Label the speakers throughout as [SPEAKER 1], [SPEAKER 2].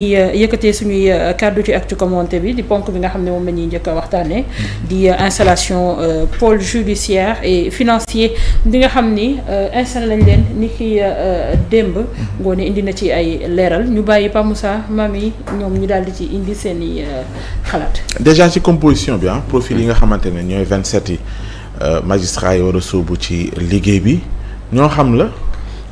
[SPEAKER 1] di euh, yëkkatee suñuy euh, kàddu ci actu commenté bi di ponk bi nga xam ne moom la ñuy njëkk a mm-hmm. di euh, installation pole judiciaire et financier bi nga xam ni installé lañ leen nit ki démb mm-hmm. ngoone indi na ci ay leeral ñu bàyyi Pa Moussa maam yi ñoom ñu daal di ci indi seen i xalaat. déjà ci composition bi ah profil yi nga xamante ne ñooy 27 yi magistrats yi war a ci liggéey bi ñoo xam la.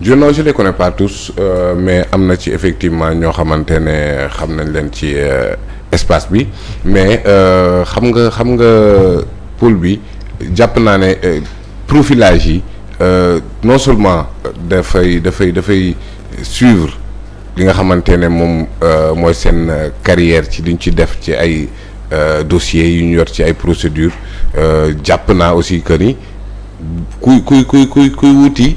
[SPEAKER 1] je non je les connais pas euh, mais am na ci effectivement ñoo xamante ne xam nañ leen ci euh, espace bi mais euh, xam nga xam nga pôle bi jàpp naa ne profilage yi non seulement dafay dafay dafay suivre li nga xamante ne moom mooy seen carrière ci liñ ci def ci ay dossiers yu ñu yor ci ay procédures jàpp naa aussi que ni kuy kuy kuy kuy kuy wuti.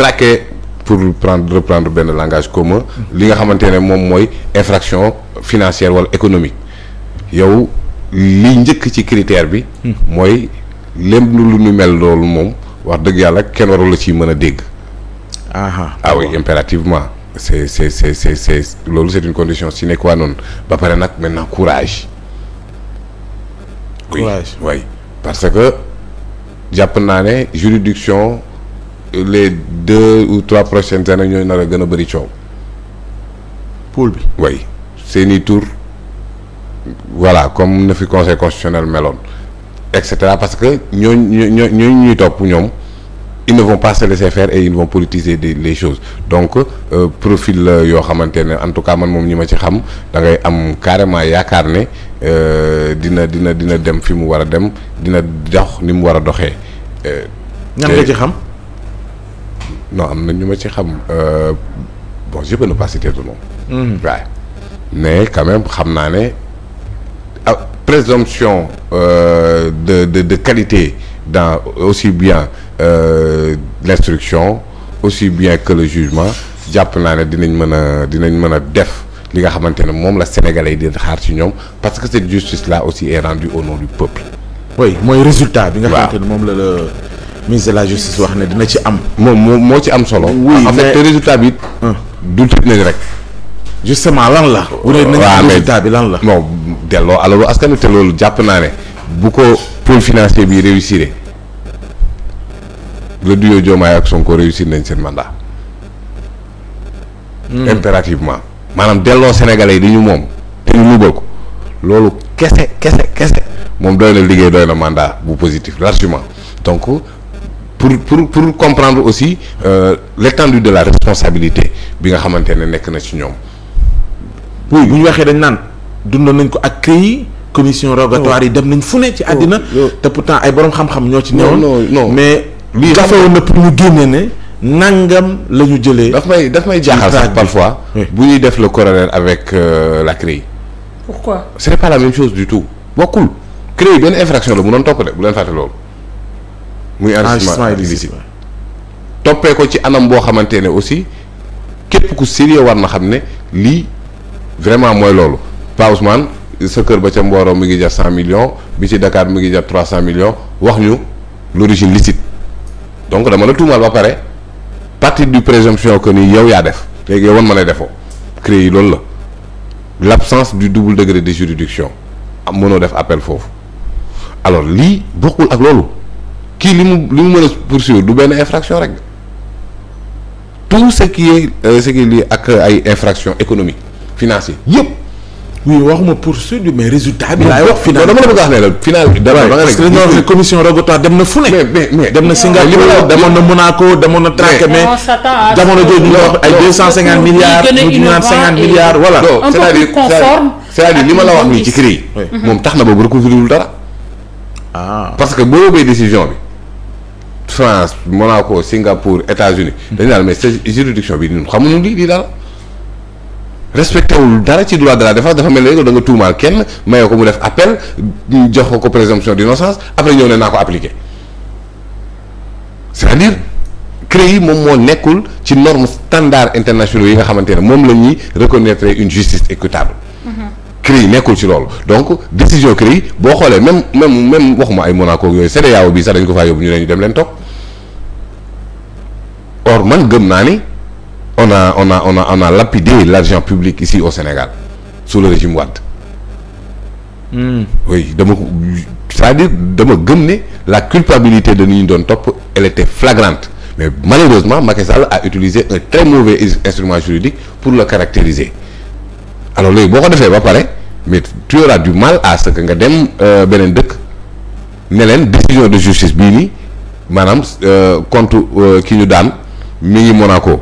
[SPEAKER 1] traqué pour prendre reprendre benn langage commun li nga xamante ne moom mooy infraction financière wala économique yow li njëkk ci critère bi hmm. mooy lépp lu ñu mel loolu moom wax dëgg yàlla kenn warul la ciy mën a dégg ah ah impérativement c'est c'est c'est c'est loolu c'est une condition sine waa non ba pare nag maintenant courage courage oui parce que jàpp naa ne juridiction les deux ou trois prochaines années ñooy nar gën a bëri coow. pool bi oui seeni tour voilà comme na fi conseil constitutionnel meloon et cetera parce que ñooñu ñoo ñooñu ñuy topp ñoom ils ne vont pas se faire et ils vont politiser des les choses donc euh, profil la euh, yoo xamante ne en tout cas man moom ñi ma ci xam da ngay am carrément yaakaar ne euh, dina dina dina dem fi mu war a dem dina dox ni mu war a doxee. Euh, ñan nga ci xam. non am na ñu ma ci xam euh, bon je peux ne pas citer de nom. Hmm. mais quand même xam naa ne ah présomption euh, de de de qualité dans aussi bien euh, l'instruction aussi bien que le jugement jàpp naa ne dinañ mën a dinañ mën a def li nga xamante ne moom la sénégalais yi di xaar ci ñoom parce que cette justice là aussi est rendue au nom du peuple. oui mooy résultat bi nga xamante ne moom la la. ministre de la justice wax ne dina ci am. moom moo ci am solo. oui en résultat bi. du tëj rek. justement lan la. bu dee nañu résultat bi lan la. bon delloo alalu askan wi te loolu jàpp naa ne bu ko pôle financier bi réussir le duo Diomaye ak Sonko réussir nañ seen mandat. Hmm. impérativement. maanaam delloo Sénégalais yi di ñu moom te ñu luubal ko loolu kese kese kese moom doy na liggéey doy na mandat bu positif largement donc. pour pour pour comprendre aussi euh, l'étendue de la responsabilité bi nga xamante ne nekk na ci ñoom. oui bu ñu waxee dañ naan dundoon nañ ko ak CREI commission rogatoire yi dem nañ fu ne ci àddina te pourtant ay boroom xam-xam ñoo ci newoon mais lii jafewoon na pour ñu génnee ne nangam la ñu jëlee daf may daf may jaaxal sax parfois bu ñuy def le corollaire avec euh, la CREI pourquoi ce n'est la même chose du tout bokkul CREI benn infraction la mu doon topp de bu leen fàtte loolu muy ah, enrichissement illicite toppee ko ci anam boo xamante ne aussi képp ku sérieux war na xam ne lii vraiment mooy loolu Pa sa kër ba ca Mboro mi ngi jar cent millions bi ci Dakar mu ngi jar trois cent millions wax ñu l'origine licite donc dama la tuumaal ba pare partie du présomption que nii yow yaa def léegi wan ma lay defoo créé yi loolu la l'absence du double degré de juridiction mënoo def appel foofu alors lii bokkul ak loolu kii li mu li mu mën a poursuivre du benn infraction rek tout ce qui est euh, ce qui est ak euh, ay infraction économique financière yëpp. oui waxuma poursuivre mais résultat bi. laay wax final dama la bëgg a wax ne la final. dama la parce na fu demoon na Monaco demoon na Traqué mais jamono jooju ñu wax ay deux cent cinquante milliards ñu naan cinquante milliards voilà. li ma la wax nii ci CREI. moom tax na boobu recouvrir dara. ah parce que boo bay décision bi. France Monaco Singapour États-Unis hmm. dañu daal mais cette juridiction bi ñun xamuñu lii lii daal respecté wul dara ci droit de la dafa mel ne da nga tuumaal kenn mayoo ko mu def appel jox ko ko présomption d'innocence après ñëw ne naa ko appliqué c'est-à-dire CREI yi moom moo nekkul ci normes standards internationaux yi nga xamante ne moom la ñuy reconnaître une justice équitable mm-hmm. CREI yi nekkul ci loolu donc décision CREI yi boo xoolee même même même waxuma ay dem leen toog or man gëm naa ni on a on a on a on a lapidé l'argent public ici au Sénégal sous le régime Wade. Mm. oui dama ko cest dire dama gëm ne la culpabilité de ñu doon topp elle était mais malheureusement Macky Sall a utilisé un très mauvais instrument juridique pour le caractériser alors léegi boo ko defee ba pare mais tu auras du mal à ce que nga dem euh, beneen dëkk ne leen décision de justice bii nii maanaam euh, compte euh, ki ñu daan. mi ngi Monaco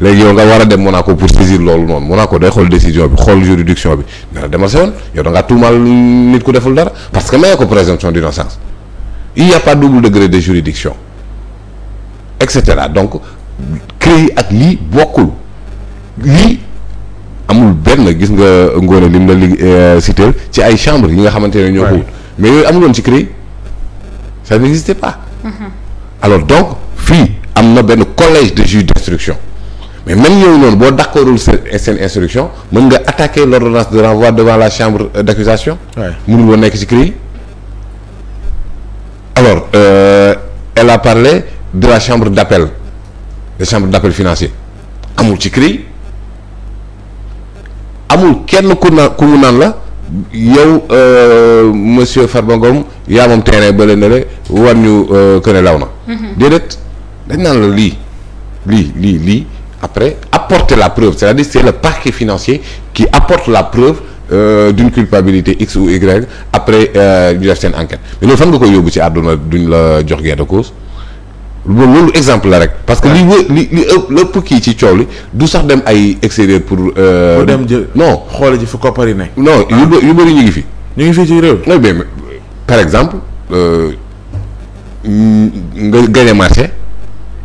[SPEAKER 1] léegi yow nga war a dem Monaco pour saisir loolu noonu Monaco day xool décision bi xool juridiction bi dana demal sa yoon yow da ngaa tuumaal nit ku deful dara parce que mayee ko présomption d'innocence il y a pas double degré de juridiction et cetera donc CREI ak lii bokkul lii amul benn gis nga ngoone lim la li euh, cité ci ay chambre yi nga xamante ne ñoo mais yooyu amul woon ci CREI ça n'existait pas mm-hmm. alors donc fii am na benn collège de juge d'instruction mais même yooyu noonu boo d'accordul seen instruction mën nga attaquer l'ordonnance de renvoi devant la chambre euh, d'accusation mënuloo nekk ci CREI alors euh, elle a parlé de la chambre d'appel de chambre d'appel financier amul ci CREI amul kenn ku naan ku mu naan la yow euh, monsieur farbongom Ngom yaa moom terrain ba le war ñu këne euh, law na mhm. dañ naan la lii lii lii lii après apporter la preuve c'est-à-dire c'est le parquet financier qui apporte la preuve Euh, d'une culpabilité X ou Y après euh, ñu def seen enquête mais loolu fan nga koy yóbbu ci àdduna duñ la jox gain de cause loolu exemple la rek. parce que li wë li ëpp lépp kii ci coow li du sax dem ay extérieur pour. Euh, pour dem jël non xool ji fu koppar yi ne. non yu bë bëri ñu ngi fi. ñu ngi fi ci réew. oui mais par exemple euh, nga gagné marché.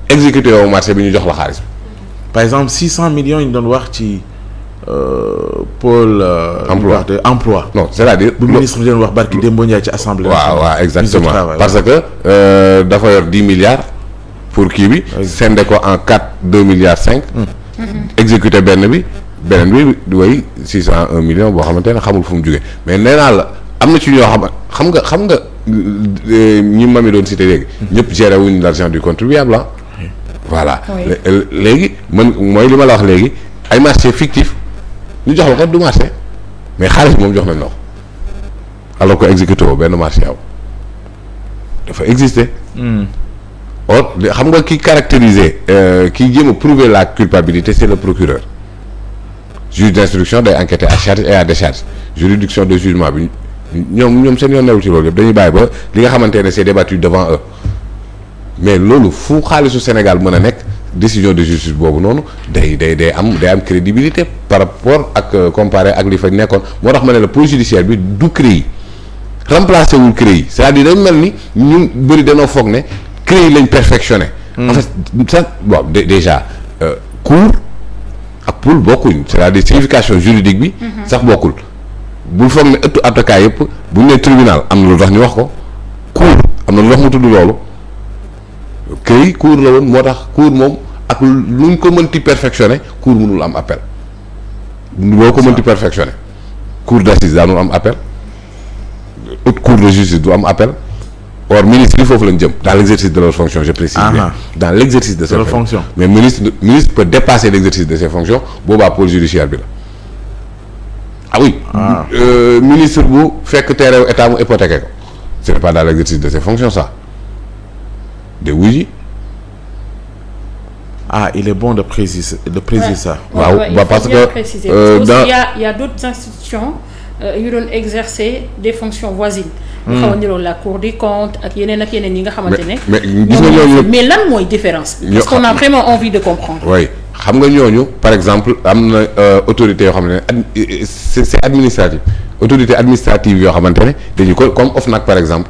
[SPEAKER 1] exécuté wu marché bi ñu jox la xaalis bi par exemple six cent millions ñu doon wax ci euh, pôle. Euh, emploi de emploi. non c'est-à-dire. bu ministre bi doon wax barki Demba Ndiaye ci assemblée. waaw waaw exactement parce que euh, dafa yor dix milliards pour kii bi. sende ko en quatre deux milliards cinq. exécuté benn bi beneen bi way six cent un million boo xamante ne xamul fu mu jugee mais nee naa la am na ci ñoo xam xam nga xam nga ñi mami doon cité léegi. ñëpp géré wuñ l'argent du contribuable ah. voilà euh, léegi man mooy li ma la wax léegi ay marché fictif ñu jox la ko du marché mais xaalis moom jox nañ la ko alors que exécuté benn marché aw dafa exister hmm. or xam nga ki caractériser euh, ki jéem a prouver la culpabilité c'est le procureur juge d'instruction day enquêter à charge et de décharge juridiction de jugement bi ñoom ñoom seen yoon newu ci yëpp dañuy bàyyi ba li nga xamante ne c'est débattu devant eux mais loolu fu xaalisu Sénégal mën a nekk décision de justice boobu noonu day day day am day am crédibilité par rapport ak euh, comparé ak li fa nekkoon moo tax ma ne la police judiciaire bi du CREI remplacé wul CREI c'est-à-dire dañ mel ni ñun bëri danoo foog ne CREI lañ perfectionné. Hmm. en fait ça bon déjà euh, cour ak pool bokkuñ c'est-à-dire signification juridique bi. Hmm. sax bokkul bul foog ne ëttu avocat yëpp bu ñu nee tribunal am na lu tax ñu wax ko cour am na lu tax mu tudd loolu. këy cours la woon moo tax cours moom ak luñ ko mënti perfectionné cours mënul am appel boo ko mënti perfectionné cours d'assises daanul am appel haute cour de justice du am appel or ministre yi foofu lañ jëm dans l'exercice de leur fonction je précise bien dans l'exercice de leur fonction mais ministre ministre peut dépasser l'exercice de ses fonctions boobaa pôle judiciaire bi la ah oui ah. Euh, ministre bu fekk teerew état mu hypothéqué ko ce n'est pas dans l'exercice ça de wuji ah il est bon de préciser de préciser ouais. ça. waaw ouais, euh, parce que préciser. a y a d'autres institutions euh, yu doon exercer des fonctions voisines. ñu xaw a la Cour des comptes ak yeneen ak yeneen yi nga xamante ne. mais mais lan mooy différence bi. parce qu'on a vraiment envie de comprendre. oui xam nga ñooñu par exemple am na euh, autorité yoo xam ne c'est administratif autorité administrative yoo xamante ne dañu ko comme OFNAC par exemple.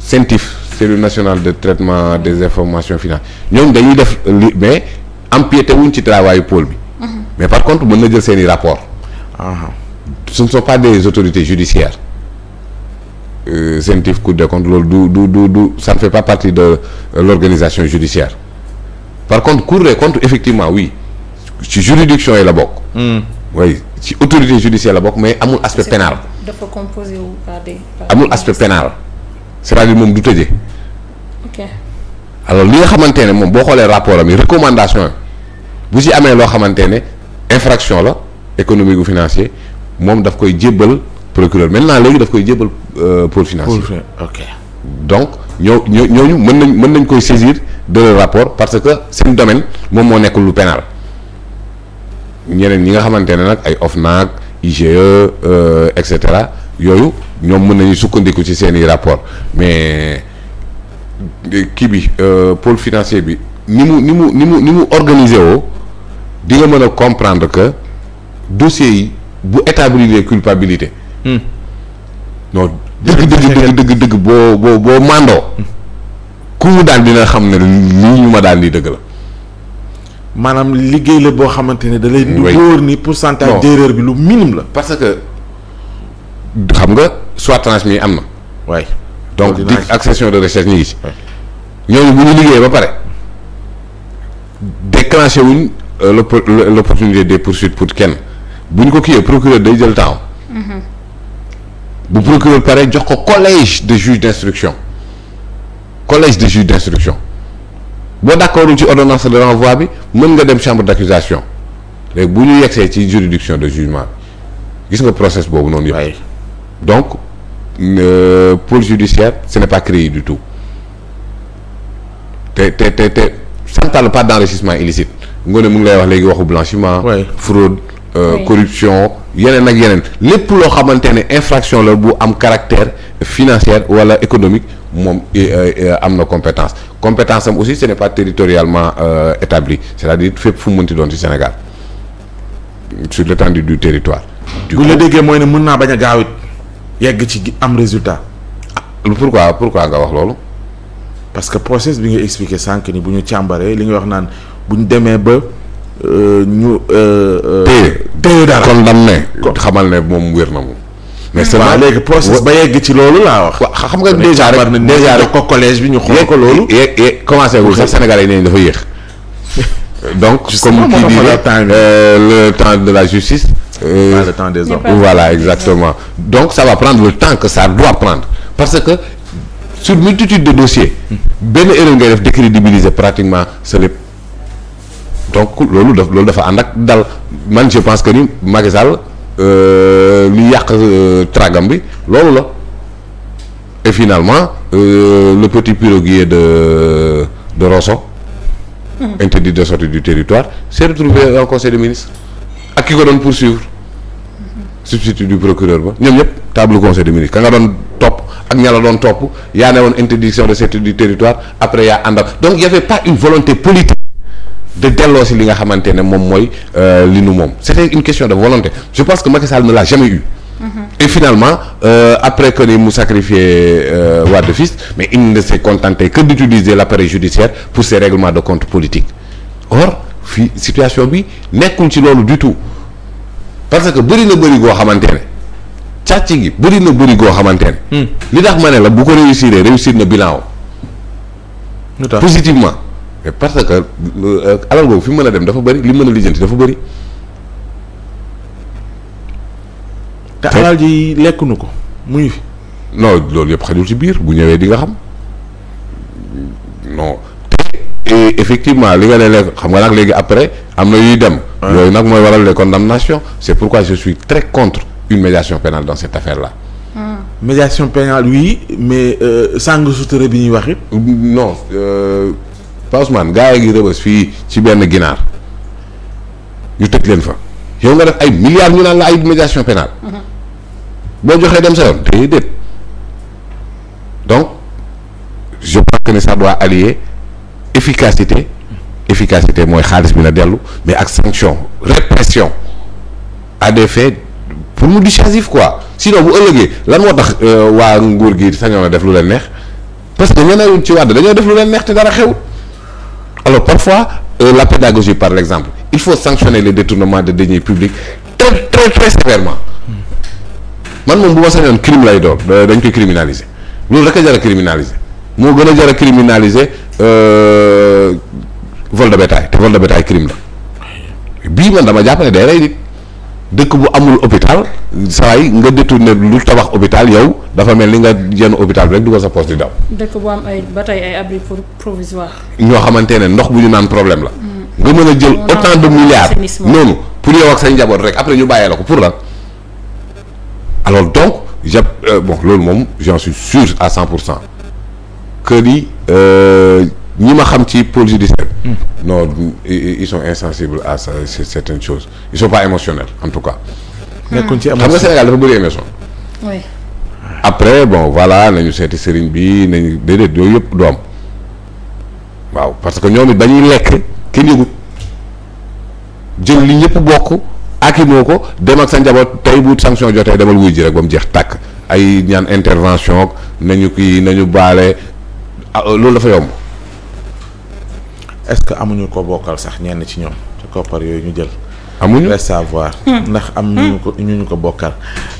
[SPEAKER 1] CENTIF. cellule national de traitement des informations financières ñoom dañuy def li mais empiété wuñ ci travaayu pôle bi. Mhm. mais par contre mën na jël seeni rapport ce ne sont pas des autorités judiciaires euh, CENTIF Cour des comptes loolu du du du ça ne fait pas partie de l'organisation judiciaire par contre Cour des comptes effectivement wii ci juridiction yi la bokk. Hmm. oui ci autorité judiciaire la bokk mais amul aspect pénal. dafa composé wu par des. amul aspect pénal c'est-à-dire moom alors li nga xamante ne moom boo xoolee rapport am yi recommandation bu si amee loo xamante ne infraction la économique ou financier moom daf koy jébbal procureur maintenant léegi daf koy jébbal euh, pôle financier. ok donc ñoo ñoo ñooñu mën nañ mën nañ koy saisir de le rapport parce que seen domaine moom moo nekkul lu pénal ñeneen ñi nga xamante ne nag ay OFNAC IGE euh, et cetera yooyu ñoom mën nañu sukkandiku ci seen i rapport mais kii bi euh, pôle financier bi ni mu ni mu ni mu ni mu organiser woo di nga mën a comprendre que dossier bu établir culpabilité. Hmm. non dëgg dëgg dëgg dëgg boo boo boo mandoo ku mu daan dina xam na lii ñu ma daan di dëgg la. maanaam liggéey la boo xamante ne da lay. du pour ni pourcentage d'erreur bi lu minim la. parce que xam nga soit transmis am na. waaye donc dig ak section de recherche ñu ngi ci ñooñu bu ñu liggéey ba pare déclenché wuñ euh, l' opportunité des poursuites pour kenn bu ñu ko kiiyee procureur day jël temps mm-hmm. bu procureur pare jox ko collège de juge d' instruction collège de juge d' instruction boo d' ci ordonnance de renvoi bi mën nga dem chambre d' accusation léegi bu ñu yegsee ci juridiction de jugement bi gis nga process boobu noonu yëpp le pôle judiciaire ce n'est pas créé du tout te te te te ça ne parle pas d'enrichissement mu ngi lay wax léegi waxu blanchiment fraude euh, corruption yeneen ak yeneen lépp loo xamante ne infraction la bu am caractère financière wala économique moom euh, euh, am na compétence compétence am aussi ce n'est pas territorialement établi c'est-à-dire fépp fu mu mënti doon ci Sénégal sur l'étendue du territoire. du la déggee mooy ne mën naa bañ a yegg ci am résultat. lu pourquoi pourquoi nga wax loolu. parce que process bi nga expliquer sànq ni bu ñu càmbaree li nga wax naan bu ñu demee ba euh, ñu. Euh, euh, téye téye dara condamné xamal ne moom wér na moom.
[SPEAKER 2] mais seulement léegi process ba yegg
[SPEAKER 1] ci loolu laa wax. waaw xam nga déjà rek déjà rek ko collège bi ñu xool ko loolu. yegg commencé wul sax sénégalais yi nee dafa yéex. donc comme qui dirait le temps de la justice. Euh, le des hommes. Voilà, exactement. Donc ça va prendre le temps que ça doit prendre. Parce que sur multitude de dossiers, benn erreur ngay def décrédibiliser pratiquement ce lépp. Donc loolu daf loolu dafa ànd ak dal man je pense que ni Macky Sall euh, lu yàq euh, tragam bi loolu la. Et finalement euh, le petit piroguier de de Rosso interdit de sortie du territoire s'est retrouvé en conseil des ministres ak ki ko doon poursuivre substitut du procureur ba ñoom ñëpp table conseil des ministres ka nga doon topp ak ña la doon topp yaa ne woon interdiction de sortie du territoire après yaa àndal donc y avait pas une volonté politique de delloo si li nga xamante ne moom mooy euh, li nu moom c'était une question de volonté je pense que Macky Sall ne l'a jamais eu mm-hmm. et finalement euh, après que ni mu sacrifié euh, Wade fils mais il ne s'est contenté que d'utiliser l'appareil judiciaire pour ses règlements de compte politique or fii bi nekkul ci loolu du parce que bëri na bëri goo xamante ne càcc gi bëri na bëri goo xamante ne. Hmm. li tax ma ne la bu ko réussir réussir na bilan wu. positivement. parce que euh, alal boobu fi mën a dem dafa bëri li mën a lijjanti dafa bëri. te alal yi lekk nu ko muy. non loolu yëpp xajul ci biir bu ñëwee di nga xam non. effectivement li nga ne léegi xam nga nag léegi après am na yuy dem. yooyu nag mooy waral les condamnations c'est pourquoi je suis tre contre une médiation pénale dans cette affaire la hmm. médiation pénale oui mais euh, sàng sutura bi ñuy wax it. Mm, non euh, Ousmane gars yi rëbës fii ci benn ginaar ñu tëj leen fa yow nga def ay milliards ñu naan la ay médiation pénale hmm. boo joxee dem sa yoon déedéet donc je pense que ça doit allier. efficacité efficacité mooy xaalis bi na dellu mais ak sanction répression à des faits pour mu dissuasif quoi sinon bu ëllëgee lan moo tax euh, waa nguur gi sañoon a def lu leen neex parce que ñeneen ci wàdd dañoo def lu leen neex te dara xew alors parfois euh, la pédagogie par exemple il faut sanctionner les détournements de deniers publics très très très sévèrement man moom bu ma sañoon crime lay doon dañ koy criminaliser loolu rek a jar a moo gën a jar a Euh, vol de bétail te vol de bétail crime la bii man dama jàpp ne day rey nit dëkk bu amul hôpital saa yi nga détourné lu tabax hôpital yow dafa mel ni nga yenn hôpital du dugal sa poste di daw. dëkk bu ñoo xamante ne ndox bu ñu naan problème la. Mm. nga mën a jël autant de milliards noonu pour yow ak say njaboot rek après ñu bàyyee la ko pour la alors donc je euh, bon loolu moom j'en suis sûr à cent pour cent kër yi Euh, ñi ma xam ci pôle judiciaire. Hmm. non ils sont insensibles à ça certaines choses ils sont pas émotionnels en tout cas. Hmm. nekkuñ ci émotion xam nga Sénégal dafa bëri émotion. après bon voilà nañu seeti sëriñ bi nañu déedéet yooyu yëpp du am waaw parce que ñoom it ba ñuy lekk kenn yëgut jël li ñëpp bokk akimoo ko dem ak sa njaboot tey bu sanction jotee demal wuy ji rek ba mu jeex tàkk ay ñaan intervention nañu kii nañu baale ah euh, loolu dafa yomb. est-ce que amuñu ko bokkal sax ñenn ci ñoom ci koppar yooyu ñu jël. amuñu reste savoir hmm. ndax am ñu ko hmm. ñu ñu ko bokkal.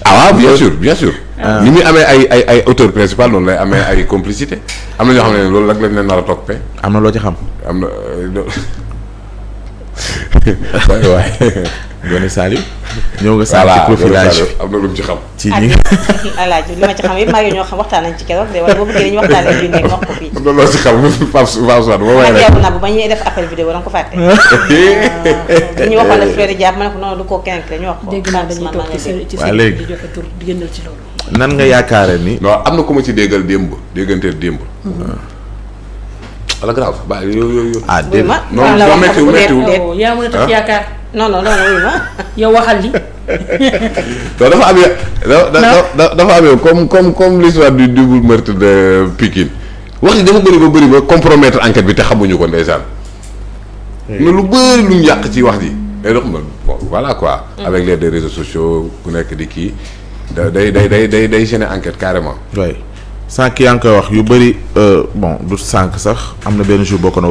[SPEAKER 1] ah waaw bien euh, sûr bien sûr. Ah. ni muy amee ay ay ay auteur principal noonu lay amee ay complicité am na ñoo xam ne loolu nag lañ leen nar a toppee. am na loo ci xam. am na euh, waaye waaye Ngoné Saliou ñëw nga Saliou ci profilage am na lu mu ci xam ci ah, ñi ci xam yëpp maa ngi ñoo xam waxtaan nañ wax ko fii am na loo ci xam Pape Pape Sow boo waxee bu ba ñuy def appel vidéo da nga ko fàtte ah, ñu waxoon la Frédéric Diab ma ne ko noonu du ko kenk la ñu wax ko dégg naa dañuy nan nga yaakaare ni non am na ku ma ci déggal démb dégganteel démb ah. wala grave bàyyi yow yow yow. ah déedéet non non méttiwul méttiwul yaa mën a tax yaakaar non non non non yow waxal li. non dafa am da dafa am comme comme comme l'histoire du double meurtre de Pikine wax yi dafa bëri ba bëri ba compromettre enquête bi te xamuñu ko ndeysaan. Hmm. mais lu bëri lu mu yàq ci wax ji. day dox bon voilà quoi. Hmm. avec l'aide des réseaux sociaux ku nekk di kii. day day day day day gêner enquête carrément. oui. sànq yaa ngi koy wax yu bëri euh, bon du sànq sax am na benn jour na ko